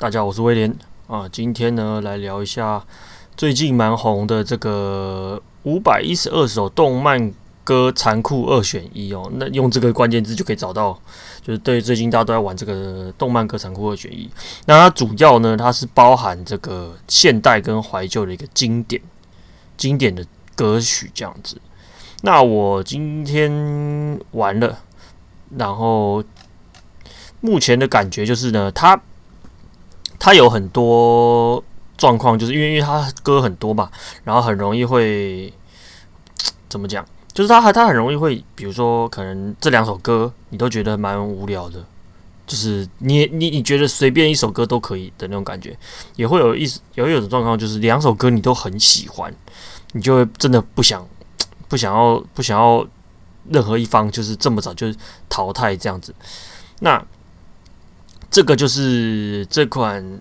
大家好，我是威廉啊。今天呢，來聊一下最近蠻紅的這個五百一十二首動漫歌殘酷二選一哦。那用這個關鍵字就可以找到，就是對最近大家都在玩這個動漫歌殘酷二選一。那它主要呢，它是包含這個現代跟懷舊的一個經典經典的歌曲這樣子。那我今天玩了，然後目前的感覺就是呢，它。他有很多狀況，就是因為因為他歌很多嘛，然後很容易會怎麼講？就是他他很容易會，比如說可能這兩首歌你都覺得蠻無聊的，就是你你你覺得隨便一首歌都可以的那種感覺。也會有一也會有的狀況，就是兩首歌你都很喜歡，你就會真的不想不想要不想要任何一方，就是這麼早就淘汰這樣子。那。這個就是這款，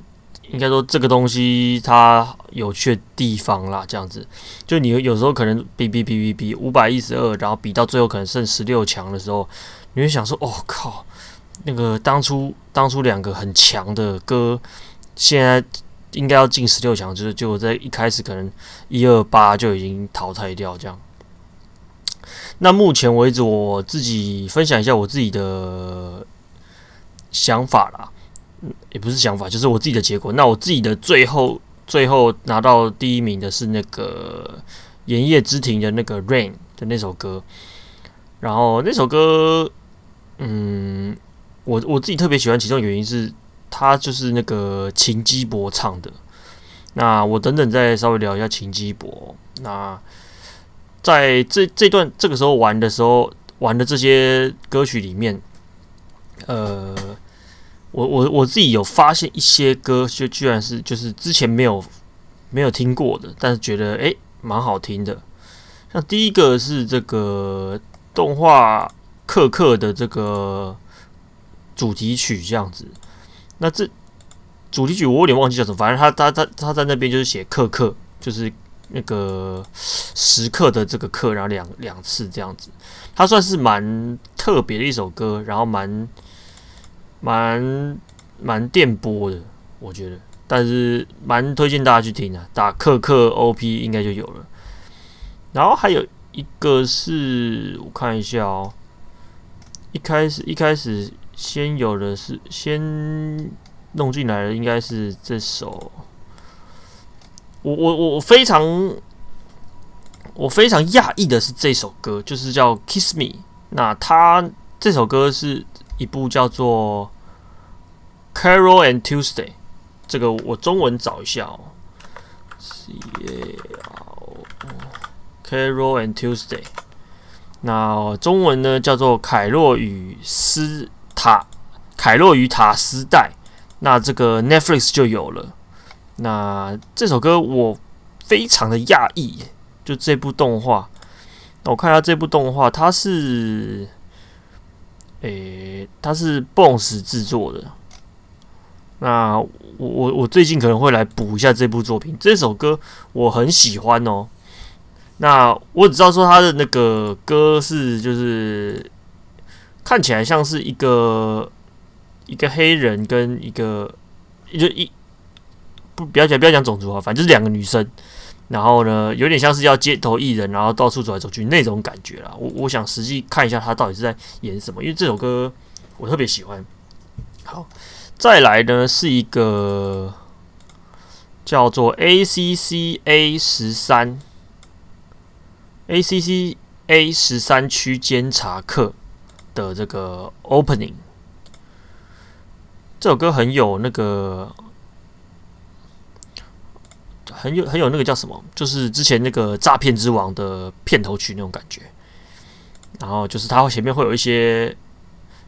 應該說這個東西它有趣的地方啦，這樣子，就你有時候可能比比比比比五百一十二，然後比到最後可能剩十六強的時候，你會想說，哦靠，那個當初當初兩個很強的歌，現在應該要進十六強，就是就在一開始可能一二八就已經淘汰掉這樣。那目前為止，我自己分享一下我自己的。想法啦，也不是想法，就是我自己的結果。那我自己的最後最後拿到第一名的是那個言葉之庭的那個《Rain》的那首歌。然後那首歌，嗯，我我自己特別喜歡，其中的原因是它就是那個秦基博唱的。那我等等再稍微聊一下秦基博。那在這這段這個時候玩的時候玩的這些歌曲裡面，呃。我我我自己有發現一些歌，就居然是就是之前沒有沒有聽過的，但是覺得欸蠻好聽的。像第一個是這個動畫《刻刻》的這個主題曲這樣子。那這主題曲我有點忘記叫什麼，反正他他他他在那邊就是寫“刻刻”，就是那個時刻的這個“刻”，然後兩兩次這樣子。他算是蠻特別的一首歌，然後蠻。蠻蠻電波的，我覺得，但是蠻推薦大家去聽的，啊，打克克 OP 應該就有了。然後還有一個是我看一下哦，一開始一開始先有的是先弄進來的，應該是這首我。我我我我非常我非常訝異的是這首歌，就是叫 Kiss Me。那他這首歌是。一部叫做《Carol and Tuesday》，這個我中文找一下、哦，《Carol Carol and Tuesday、哦》。那中文呢叫做凱《凱洛與斯塔》，凱洛與塔斯代。那這個 Netflix 就有了。那這首歌我非常的訝異，就這部動畫。那我看一下這部動畫，它是。誒、欸，它是 BONES 製作的。那我我我最近可能會來補一下這部作品。這首歌我很喜歡哦。那我只知道說他的那個歌是，就是看起來像是一個一個黑人跟一個就一不不要講不要講種族啊，反正就是兩個女生。然後呢，有點像是要街頭藝人，然後到處走來走去那種感覺啦。我我想實際看一下他到底是在演什麼，因為這首歌我特別喜歡。好，再來呢是一個叫做 ACCA 13 ACCA 13區監察課的這個 Opening，這首歌很有那個。很有很有那個叫什麼，就是之前那個詐騙之王的片頭曲那種感覺，然後就是它，前面會有一些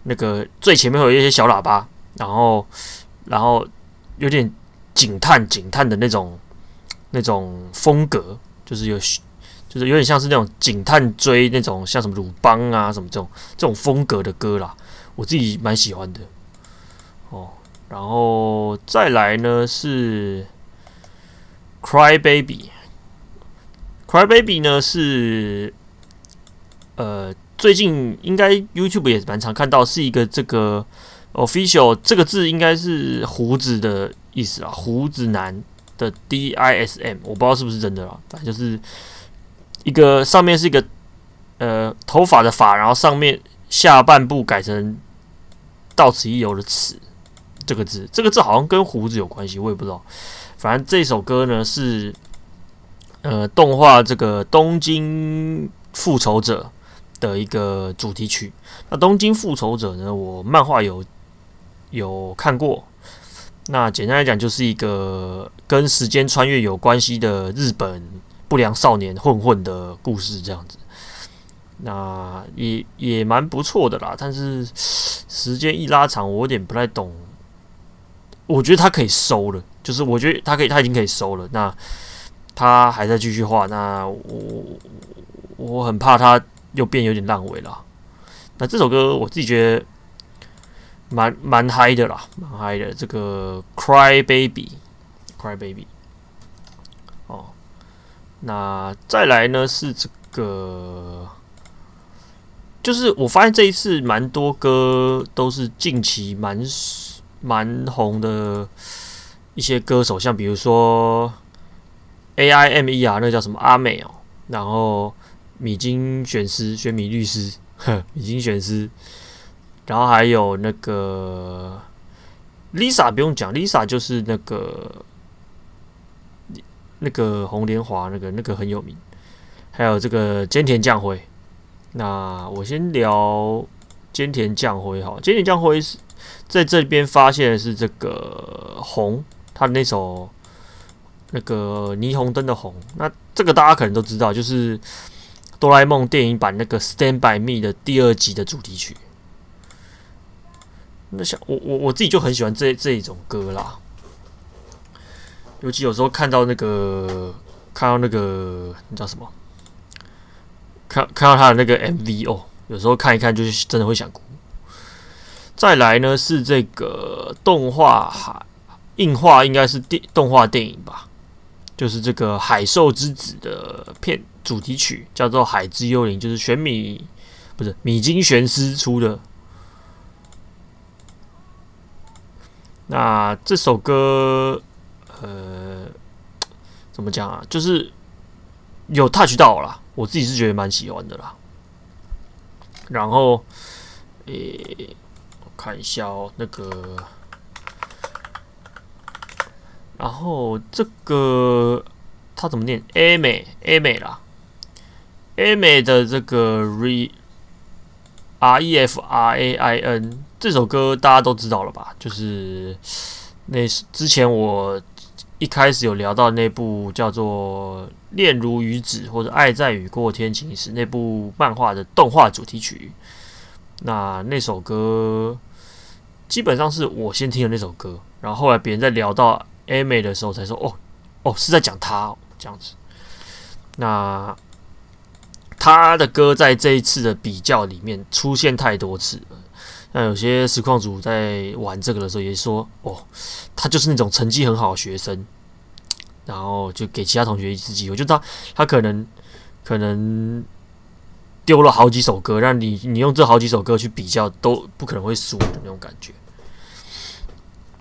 那個最前面會有一些小喇叭，然後然後有點警探、警探的那種那種風格，就是有就是有點像是那種警探追那種像什麼魯邦啊什麼這種這種風格的歌啦，我自己蠻喜歡的哦，然後再來呢是。Cry baby，Cry baby 呢是呃最近應該 YouTube 也是蠻常看到，是一個這個 Official 這個字應該是鬍子的意思啊，鬍子男的 D I S M。我不知道是不是真的啊，反正就是一個上面是一個呃頭髮的髮，然後上面下半部改成到此一遊的此這個字，這個字好像跟鬍子有關係，我也不知道。反正這首歌呢是，呃，動畫這個《東京復仇者》的一個主題曲。那《東京復仇者》呢，我漫畫有有看過。那簡單來講，就是一個跟時間穿越有關係的日本不良少年混混的故事，這樣子。那也也蠻不錯的啦，但是時間一拉長，我有點不太懂。我覺得他可以收了，就是我覺得他可以，他已經可以收了。那他還在繼續畫，那我我很怕他又變有點爛尾了。那這首歌我自己覺得蠻蠻嗨的啦，蠻嗨的。這個《Cry Baby》，《Cry Baby》哦。那再來呢是這個，就是我發現這一次蠻多歌都是近期蠻。蠻紅的一些歌手，像比如說 A.I.M.E.R.，那叫什麼阿美哦，喔，然後米津玄師，玄米律師，哼、米津玄師，然後還有那個 Lisa 不用講，Lisa 就是那個那個紅蓮華，那個那個很有名，還有這個菅田將暉。那我先聊菅田將暉好，菅田將暉是。在這邊發現的是這個紅，他的那首那個霓虹燈的紅，那這個大家可能都知道，就是哆啦 A 夢電影版那個 Stand by Me 的第二集的主題曲。那像我我我自己就很喜歡這這一種歌啦，尤其有時候看到那個看到那個你知道什麼，看看到他的那個 MV 哦，有時候看一看就是真的會想哭。再來呢是這個動畫海映畫，應該是電動畫電影吧，就是這個《海獸之子》的片主題曲叫做《海之幽靈》，就是玄米不是米津玄師出的。那這首歌，呃，怎麼講啊？就是有 touch 到我啦，我自己是覺得蠻喜歡的啦。然後，誒、欸。看一下哦，那個，然後這個他怎麼念 A 美 A 美啦 A 美的這個 Re，R E F R A I N 這首歌大家都知道了吧？就是那之前我一開始有聊到的那部叫做《戀如雨止》或者《愛在雨過天晴時》是那部漫畫的動畫主題曲，那那首歌。基本上是我先聽的那首歌，然後後來別人在聊到 Amy 的時候才說：“哦，哦，是在講他、哦、這樣子。那”那他的歌在這一次的比較裡面出現太多次了，那有些實況主在玩這個的時候也說：“哦，他就是那種成績很好的學生，然後就給其他同學一次機會。”我覺得他他可能可能。丟了好幾首歌，讓你你用這好幾首歌去比較都不可能會輸的那種感覺。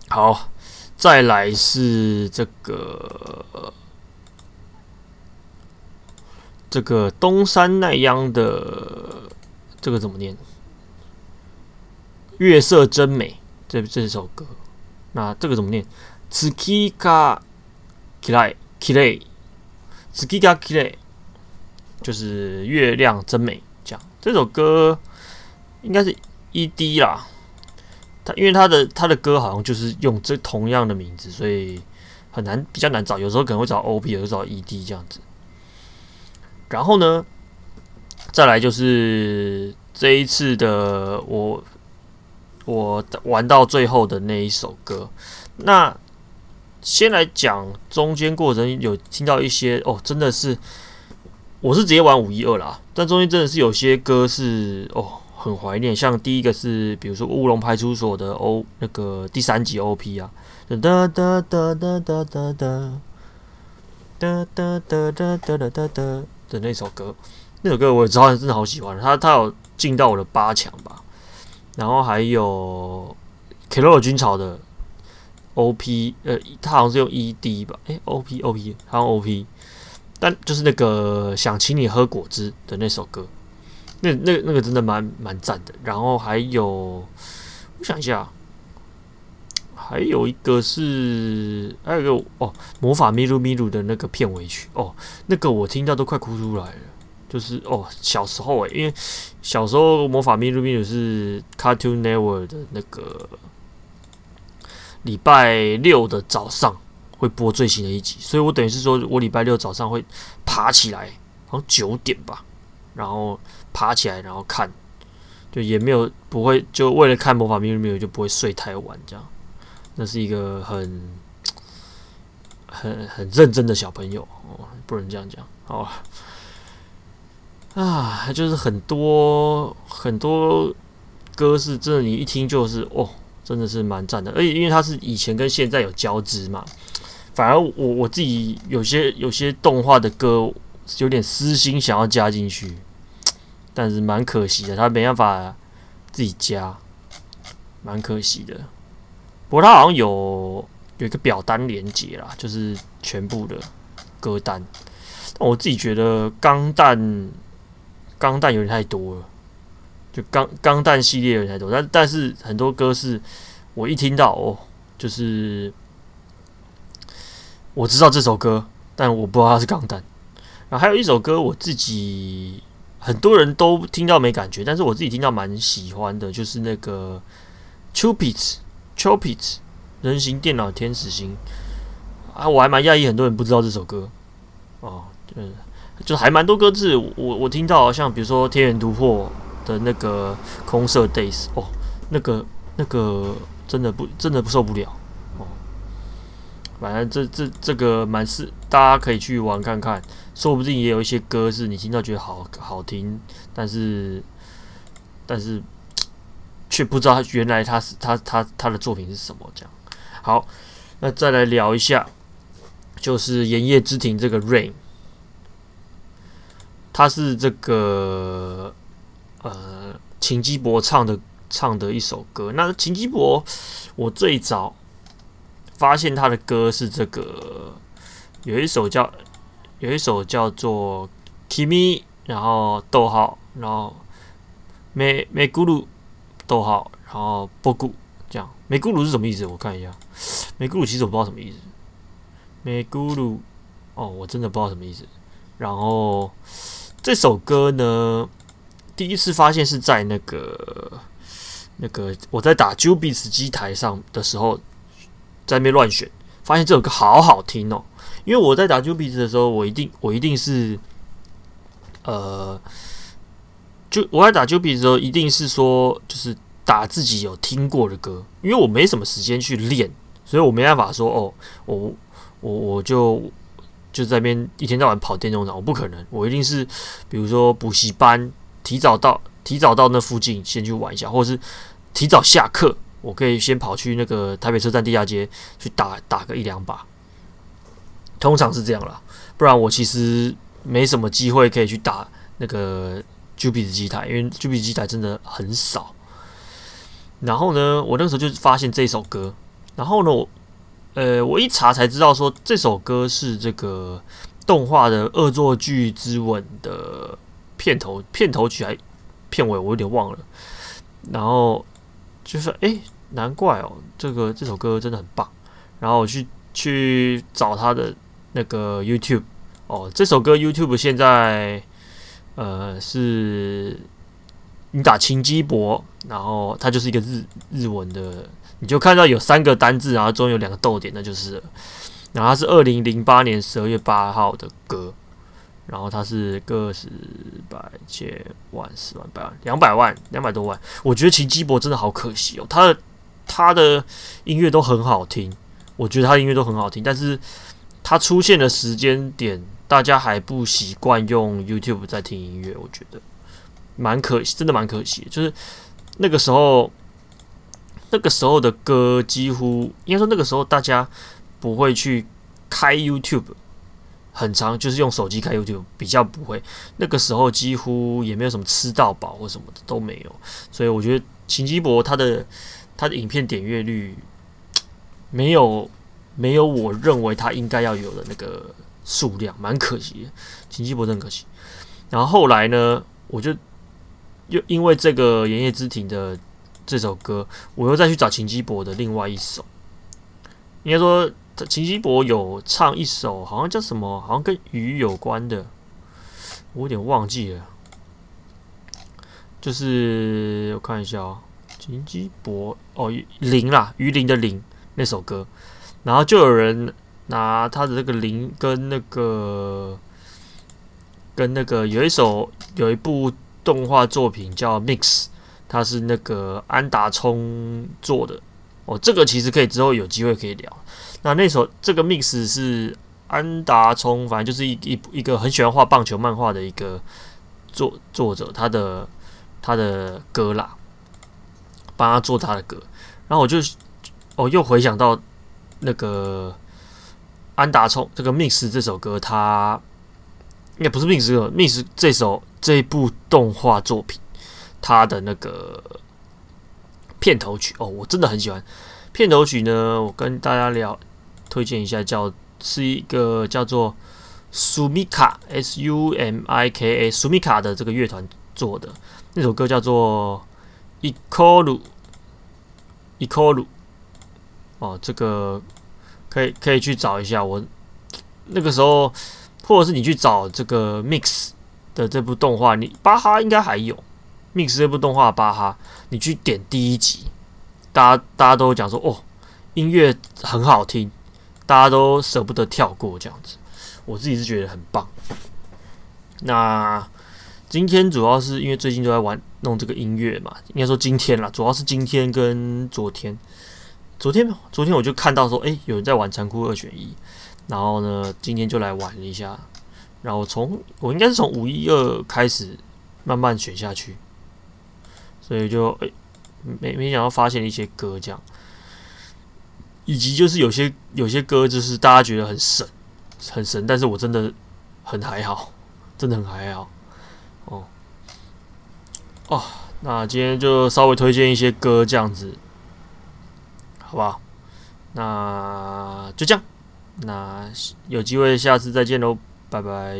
好，再來是這個這個東山奈央的這個怎麼念？月色真美，這這首歌。那這個怎麼念？月色真美，這這是首歌。那這就是月亮真美這樣，這首歌應該是 ED 啦。他因為他的他的歌好像就是用這同樣的名字，所以很難比較難找。有時候可能會找 OP，有時候會找 ED 這樣子。然後呢，再來就是這一次的我我玩到最後的那一首歌。那先來講中間過程，有聽到一些哦，真的是。我是直接玩五一二啦，但中間真的是有些歌是哦，很懷念，像第一個是比如說烏龍派出所的 O 那個第三集 OP 啊，等等等等等等等等等等等等等等的那首歌，那首歌我超真的好喜歡，它它有進到我的八強吧，然後還有 Keroro 軍曹的 OP，呃，它好像是用 ED 吧，誒 OP OP 還有 OP。但就是那個想請你喝果汁的那首歌，那那那個真的蠻蠻讚的。然後還有，我想一下，還有一個是還有一個哦，魔法咪嚕咪嚕的那個片尾曲哦，那個我聽到都快哭出來了。就是哦，小時候哎、欸，因為小時候魔法咪嚕咪嚕是 Cartoon Network 的那個禮拜六的早上。會播最新的一集，所以我等於是說，我禮拜六早上會爬起來，好像九點吧，然後爬起來，然後看，就也沒有不會，就為了看《魔法咪路咪路》就不會睡太晚，這樣，那是一個很很很認真的小朋友哦，不能這樣講，好了，啊，就是很多很多歌是真的，你一聽就是哦，真的是蠻讚的，而且因為它是以前跟現在有交織嘛。反而我我自己有些有些動畫的歌是，有點私心想要加進去，但是蠻可惜的，他沒辦法自己加，蠻可惜的。不過他好像有有一個表單連接啦,就是全部的歌單。但我自己覺得鋼彈，鋼彈有點太多了，就鋼鋼彈系列有點太多，但但是很多歌是，我一聽到哦，就是。我知道這首歌，但我不知道它是鋼彈。然、啊、後還有一首歌，我自己很多人都聽到沒感覺，但是我自己聽到蠻喜歡的，就是那個 Chobits Chobits 人形電腦天使星啊，我還蠻訝異很多人不知道這首歌。哦，對就，就是還蠻多歌詞，我我聽到像比如說天元突破的那個空色 Days，哦，那個那個真的不真的不受不了。反正這這這個蠻是大家可以去玩看看，說不定也有一些歌是你聽到覺得好好聽，但是但是卻不知道原來他是他他他的作品是什麼這樣。好，那再來聊一下，就是《言葉之庭》這個 Rain，他是這個呃秦基博唱的唱的一首歌。那秦基博，我最早。發現他的歌是這個，有一首叫有一首叫做 Kimi，然後逗號，然後 Meguru 逗號，然後 Boku 這樣。Meguru 是什麼意思？我看一下 Meguru 其實我不知道什麼意思。Meguru 哦，我真的不知道什麼意思。然後這首歌呢，第一次發現是在那個那個我在打 jubeat 機台上的時候。在那邊亂選，發現這首歌好好聽哦。因為我在打 Jubeat 的時候，我一定我一定是，呃，就我在打 Jubeat 的時候，一定是說就是打自己有聽過的歌。因為我沒什麼時間去練，所以我沒辦法說哦，我我我就就在那邊一天到晚跑電動場，我不可能。我一定是比如說補習班提早到提早到那附近先去玩一下，或者是提早下課。我可以先跑去那個台北車站地下街去打打個一兩把，通常是這樣啦，不然我其實沒什麼機會可以去打那個 jubeat 機台，因為 jubeat 機台真的很少。然後呢，我那時候就發現這首歌，然後呢，我呃我一查才知道說這首歌是這個動畫的《惡作劇之吻》的片頭片頭曲，還片尾我有點忘了，然後。就是誒，難怪哦，這個這首歌真的很棒。然後我去去找他的那個 YouTube 哦，這首歌 YouTube 現在呃是你打“秦基博”，然後它就是一個日日文的，你就看到有三個單字，然後中間有兩個逗點，那就是。然後它是二零零八年十二月八號的歌。然後他是個十百千萬十萬百萬兩百萬,兩百萬,兩百多萬，我覺得秦基博真的好可惜哦，他他的音樂都很好聽，我覺得他的音樂都很好聽。但是他出現的時間點，大家還不習慣用 YouTube 在聽音樂，我覺得蠻可惜，真的蠻可惜，就是那個時候那個時候的歌幾乎應該說，那個時候大家不會去開 YouTube。很長，就是用手機開 YouTube，就比較不會。那個時候幾乎也沒有什麼吃到飽或什麼的都沒有，所以我覺得秦基博他的他的影片點閱率沒有沒有我認為他應該要有的那個數量，蠻可惜的。秦基博真可惜。然後後來呢，我就又因為這個《言葉之庭》的這首歌，我又再去找秦基博的另外一首，應該說。這秦基博有唱一首，好像叫什麼，好像跟魚有關的，我有點忘記了。就是我看一下哦，秦基博哦，鱗啦，魚鱗的鱗那首歌，然後就有人拿他的那個鱗跟那個跟那個有一首有一部動畫作品叫 Mix，它是那個安達充做的。哦，這個其實可以，之後有機會可以聊。那那首這個《MIX》是安達充，反正就是一一一,一個很喜歡畫棒球漫畫的一個作作者，他的他的歌啦，幫他做他的歌。然後我就，哦，又回想到那個安達充，這個《MIX》這首歌，他也不是 MIX 歌，《MIX》這首這部動畫作品，他的那個。片頭曲哦，我真的很喜歡片頭曲呢。我跟大家聊，推薦一下叫，叫是一個叫做 Sumika（S.U.M.I.K.A）Sumika Sumika 的這個樂團做的那首歌，叫做《Equal》。Equal，哦，這個可以可以去找一下。我那個時候，或者是你去找這個 Mix 的這部動畫，你巴哈應該還有。mix 這部動畫巴哈，你去點第一集，大家大家都講說哦，音樂很好聽，大家都捨不得跳過這樣子。我自己是覺得很棒。那今天主要是因為最近都在玩弄這個音樂嘛，應該說今天啦，主要是今天跟昨天，昨天昨天我就看到說，誒、欸，有人在玩《殘酷二選一》，然後呢，今天就來玩一下。然後從我應該是從五一二開始慢慢選下去。所以就誒、欸，沒沒想到發現一些歌這樣，以及就是有些有些歌就是大家覺得很神，很神，但是我真的很還好，真的很還好，哦，哦，那今天就稍微推薦一些歌這樣子，好不好？那就這樣，那有機會下次再見嘍，拜拜。